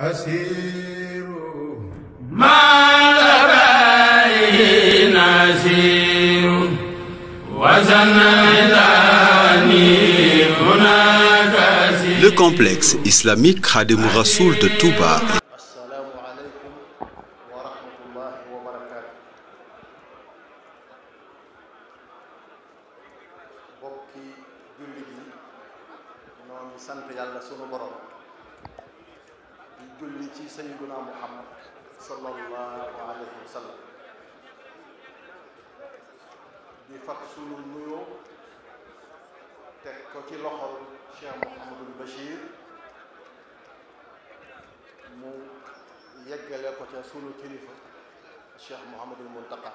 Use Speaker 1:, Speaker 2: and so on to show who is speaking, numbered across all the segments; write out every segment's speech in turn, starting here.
Speaker 1: asiru malabayi nasiru Le complexe islamique Khadim Rassoul de Touba sant yàlla sunu borom di julli ci sayyiduna muhammad sallallahu alayhi wa sallam di fat sunu nuyoo teg ko ci loxol Cheikh Mouhamadul Bachir mu yeggale ko ca sunu kilifa Cheikh Mouhamadul Muntaqa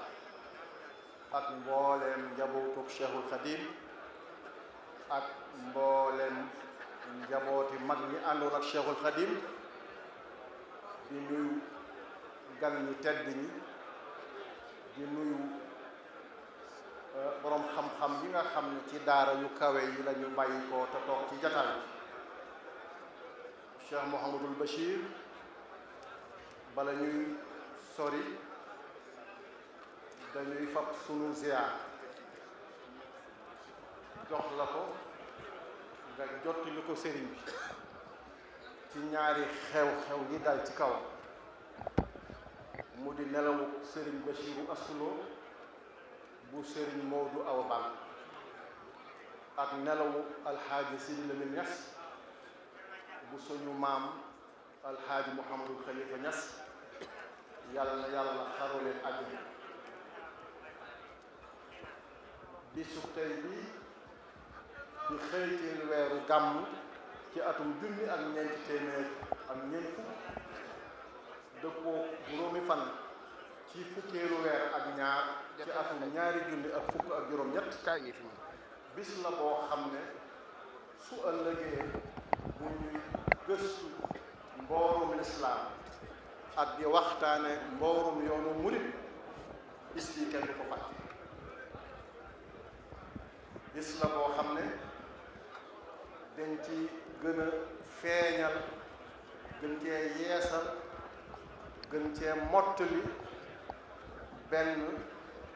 Speaker 1: ak mbooleem njabootuk Cheikhul Khadim ak mbooleem njabooti mag ñi àndoon ak Cheikhul Khadim di nuyu gan ñu tedd ñi di nuyu eh, borom xam-xam yi nga xam ne ci daara yu kawe yi lañu ñu bàyyi ko te toog ci jataay bi Cheikh Mouhamadul Bachir bala ñuy sori dañuy fab sunu ziar jox la ko nga jotti lu ko sëriñ bi ci ñaari xew-xew yi dal ci kaw mu di nelawu sëriñ Bachiru Aslo bu sëriñ Moodu Awa Bal ak nelawu alxaaji Sidi Lamine Ñas bu suñu maam alxaaji Mouhamadou Khalifa Ñas yàlla na yàlla xaru leen àddina bisu tey bi di xëytil weeru gàmm ci atum junni ak ñeenti téeméer ak ñeent fukk dëppoo juróomi fan ci fukkeelu weer ak ñaar ci atum ñaari junni ak fukk ak juróom ñett kaa ngi fi bis la boo xam ne su ëllëgee bu gëstu mboorum lislaam ak di waxtaane mboorum yoonu murit bis bi kenn du ko fàtte bis la boo xam ne dañ gën a feeñal gën cee yeesal gën cee mottali benn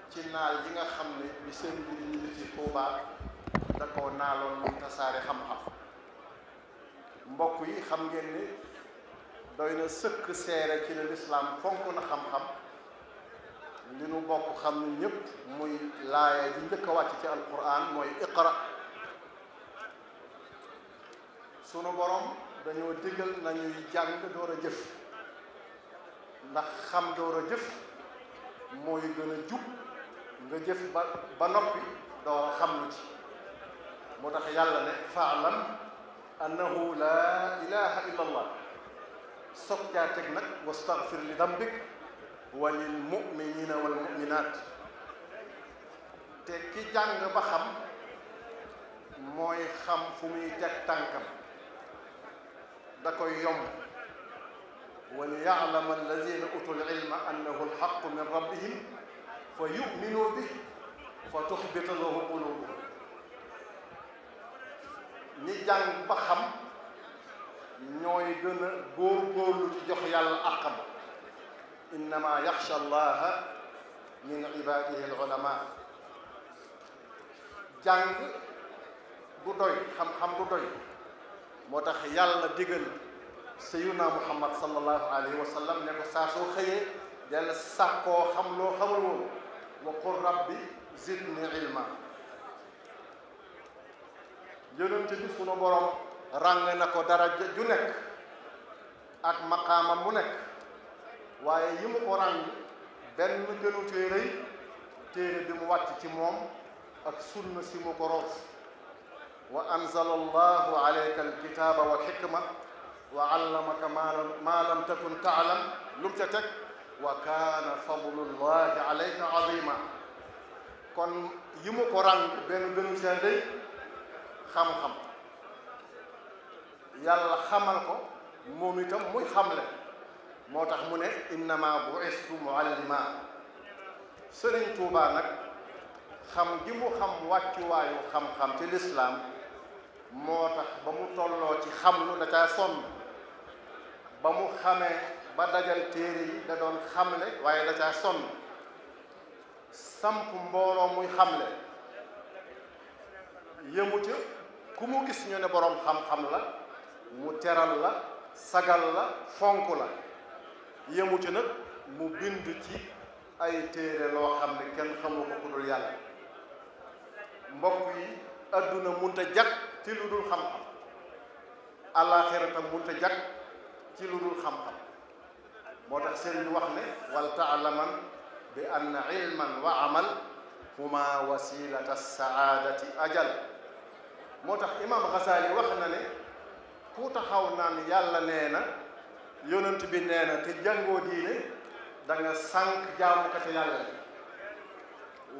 Speaker 1: ci naal yi nga xam ne bi seen biir ñu ci Touba da naaloon muy tasaare xam-xam mbokk yi xam ngeen ni doy na sëkk seere ci ne lislaam fonk na xam-xam li nu bokk xam ne ñépp muy laaya ji njëkk a wàcc ci alquran mooy iqra sunu borom dañoo digal nañuy jàng door a jëf ndax xam door a jëf mooy gën a jub nga jëf ba ba noppi door a xam lu ci moo tax yàlla ne faalam na laa ilaha illa allah soog caa teg nag wastaghfir li dambik wa lil wal muminat te ki jàng ba xam mooy xam fu muy teg tànkam da koy yomb wal yaalama alladina utul ilma annahu alxaqu min rabbihim fa yuminu bi fa tuxbita lahu qulubuhum ñi jàng ba xam ñooy gën a góorgóorlu ci jox yàlla àqam innama yaxsha allaha min ibadihi alulama jàng du doy xam-xam du doy moo tax yàlla digal sayyidina muhammad sallallahu alayhi wa sallam ne ko saa soo xëyee dell sàkkoo xam loo xamul woon wa qul rabbi zidni ilma yonent bi sunu borom ràng na ko dara ju nekk ak maqaama mu nekk waaye yi mu ko ràng benn gënu cee rëy téere bi mu wàcc ci moom ak sunna si mu ko roos wa anzala allahu alayka alkitaba wal hikma wa allamaka ma lam takun taalam lu mu ca teg wa kaana fadlullahi alayka azima kon yi mu ko ràng benn gënu seen day xam-xam yàlla xamal ko moom itam muy xamle moo tax mu ne innama bu'istu muallima sëriñ tuubaa nag xam gi mu xam wàccuwaayu xam-xam ci lislaam moo tax ba mu tolloo ci xam xamlu da caa sonn ba mu xamee ba dajal téere yi da doon xamle waaye da caa sonn samp mbooloo muy xamle yëmu ca ku mu gis ñu ne boroom xam-xam la mu teral la sagal la fonk la yëmu ca nag mu bind ci ay téere loo xam ne kenn xamu ko ku dul yàlla mbokk yi adduna munta jag ci lu dul xam-xam àllaaxira tam jag ci lu dul xam-xam moo tax sëriñ wax ne wal taalaman bi ann ilman wa amal huma wasilata saadati ajal moo tax imam Xasaali wax na ne ku taxaw naan yàlla nee na yonent bi nee na te jàngoo diine da nga sànq jaamukati yàlla ni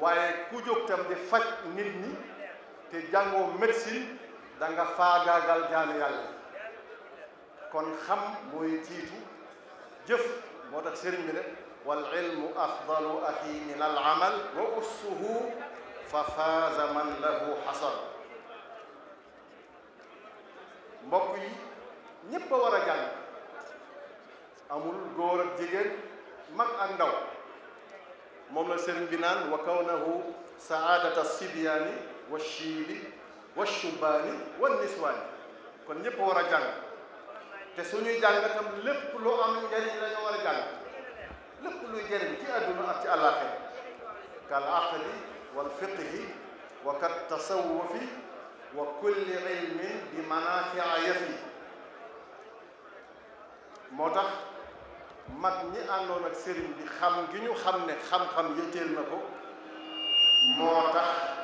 Speaker 1: waaye ku jóg tam di faj nit ñi te jàngoo médecine da nga faagaagal jaami kon xam mooy jiitu jëf moo tax sëriñ bi ne wal ilmu afdalu axi min al amal wa ussuhu fa faaza man lahu xasar mbokk yi ñépp a war a jàng amul góor ak jigéen mag ak ndaw moom la sëriñ bi naan wa kawnahu saadata wa shubaani wa niswaani kon ñëpp war a jàng te suñuy jàng tam lépp lu am njariñ la war a jàng lépp luy jariñ ci àdduna ak ci àllaaxira kal aqli wal fiqhi wa kat tasawufi wa kulli ilmin bi manafia yafi moo tax mag ñi àndoon ak sëriñ bi xam gi ñu xam ne xam-xam yëteel na ko moo tax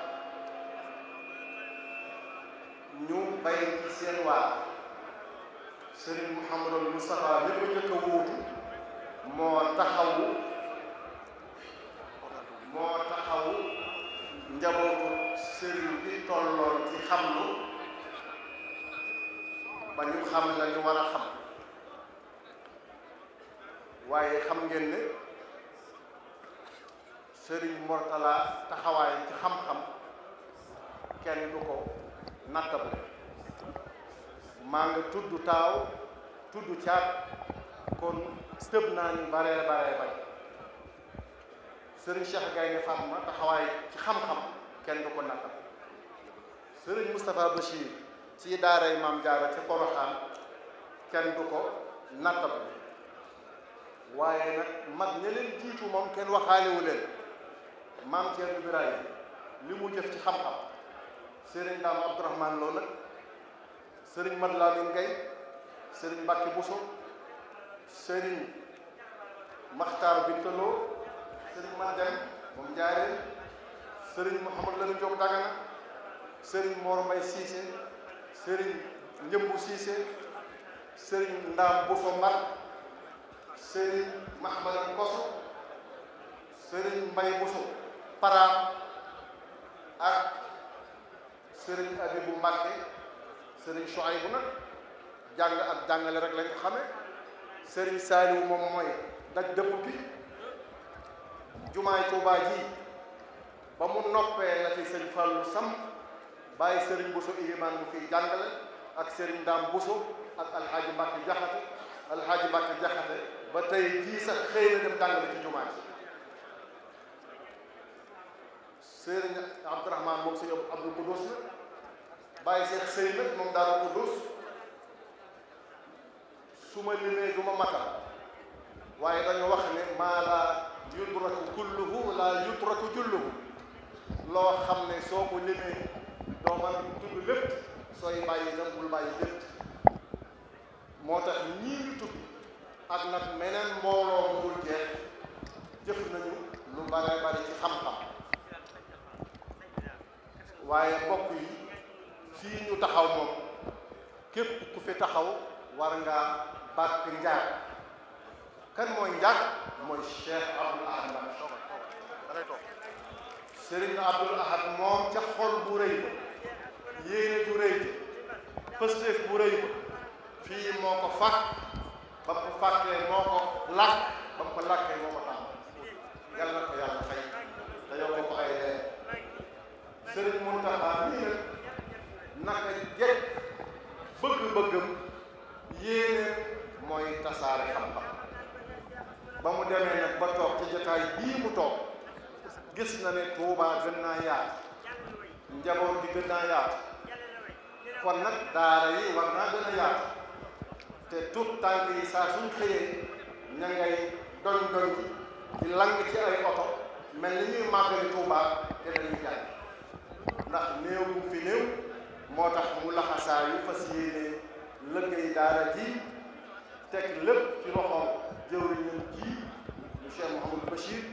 Speaker 1: bay ci seen waa sëriñ Mouhamadou Moustapha mi ko njëkk a wuutu moo taxawu moo taxawu njabootu sëriñ bi tolloon ci xamlu ba ñu xam la war a xam waaye xam ngeen ne sëriñ Mortala taxawaay ci xam-xam kenn du ko nattable maa ngi tudd taaw tudd caat kon sëb naa ñu baree baree bari sëriñ Cheikh Gaynde Fatma taxawaay ci xam-xam kenn du ko nattam sëriñ Moustapha daaray maam Jaara ci Poroxaan ko nattam waaye nag mag ña leen jiitu moom kenn waxaalewu leen maam Thierno Birahim li mu jëf ci xam-xam sëriñ Dame Abdourahmane Lo sëriñ Mat Lamin Gaye sëriñ Mbàkke Buso sëriñ Maxtaar Bintaloo sëriñ Madem moom Njaareen sëriñ Mouhamad Lamine Diop Dagana sëriñ Mor Mbay Siise sëriñ Njëmbu Siise sëriñ Ndaam Buso Mbar sëriñ Mahmadan Koso sëriñ Mbay Buso Paraam ak sëriñ Abibu Mbàkke sëriñ Chouaïbou nag jàng ak jàngale rek lañu xame sëriñ Saliou moom mooy daj dëpp bi jumaay Tuubaa ba mu noppee la ci sëriñ Fallou Sam bàyyi sëriñ Bousso Ilimaan bu fiy jàngale ak sëriñ Daam Bousso ak alxaaji Mbàkke Jaxate alxaaji Mbàkke Jaxate ba tey jii sax xëy na dem jàngale ci jumaa ji sëriñ Abdourahmane moom sëriñ Abdou bàyyi seex sëriñ nag moom daa ko duus su ma limee du ma matal waaye dañu wax ne maa laa yutraku kulluhu laa yutraku julluhu loo xam ne soo ko limee doo mën lépp sooy bàyyi itam bul bàyyi lépp moo tax ñii ñu tudd ak nag meneen mbooloo mu dul jeex jëf nañu lu bare bari ci xam-xam waaye mbokk yi fii ñu taxaw moom képp ku fi taxaw war nga bàkk njaag kan mooy njaag mooy Cheikh Abdoul Ahad Mbacké Serigne Abdoul Ahad moom ca xol bu rëy ba yéene bu rëy ba pësteef bu rëy ba fii moo ko fàkk ba mu ko fàkkee moo ko làkk ba mu ko làkkee moo ko tàmm yàlla na ko yàlla fay dañoo ko ay leer Serigne Mountakha lii nag naka jekk bëgg-bëggam yéene mooy tasaare xam-xam ba mu demee nag ba toog ci jotaay bii mu toog gis na ne Tuubaa gën naa yaatu njaboot gi gën naa yaatu kon nag daara yi war naa gën a yaatu te tuut tànk yi saa suñ xëyee ña ngay doñ doñ ci lang ci ay oto mel ni ñuy màggali Tuubaa te dañuy jàng ndax néew fi néew moo tax mu laxasaa yu fas yéene lëggéey daara ji teg lépp ci loxoom jëwriñam ji mu Cheikh Mouhamadou Bachir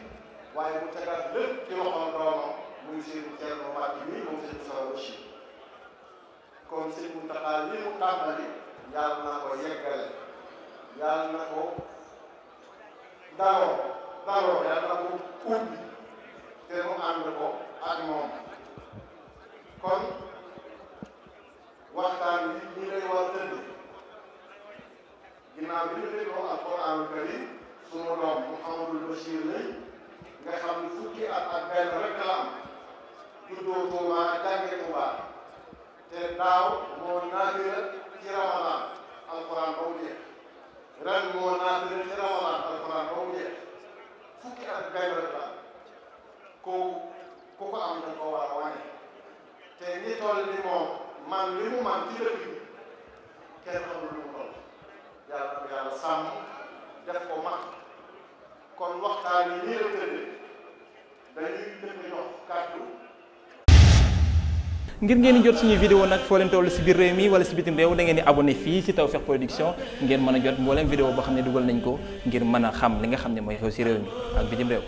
Speaker 1: waaye mu tegaat lépp ci loxoom doomam muy Serigne Thierno Mbacke nii moom Serigne Sora Bachir kon Serigne Mountakha li mu tàmbali yàlla na ko yeggale yàlla na ko daroo daroo yàlla na ko ubbi te mu ànd ko ak moom kon waxtaan bi ñu lay war a tëdd ginnaaw bi ñu dégloo alquran karim sunu doom Mouhamadul Bachir lay nga xam ne fukki at ak benn rek la am juddoo Tuuba jànge Tuuba te daaw moo naafira ci ramadan alquran ba mu jeex ren moo naafira ci ramadan alquran ba mu jeex fukki at benn rek la kooku ku ko am da ko war a te ñi toll ni moom. man li mu man ci dëkk bi kenn xamul lu mu toll yàlla ko yàlla sàmm def ko mag kon waxtaan yi nii la tëddee dañuy def jot suñuy vidéo nag foo leen toll si biir mi wala si bitim réew da ngeen di abonné fii si Tawfekh Production ngeen mën a jot mbooleem vidéo boo xam ne dugal nañ ko ngir mën a xam li nga xam ne mooy xew si réew mi ak bitim réew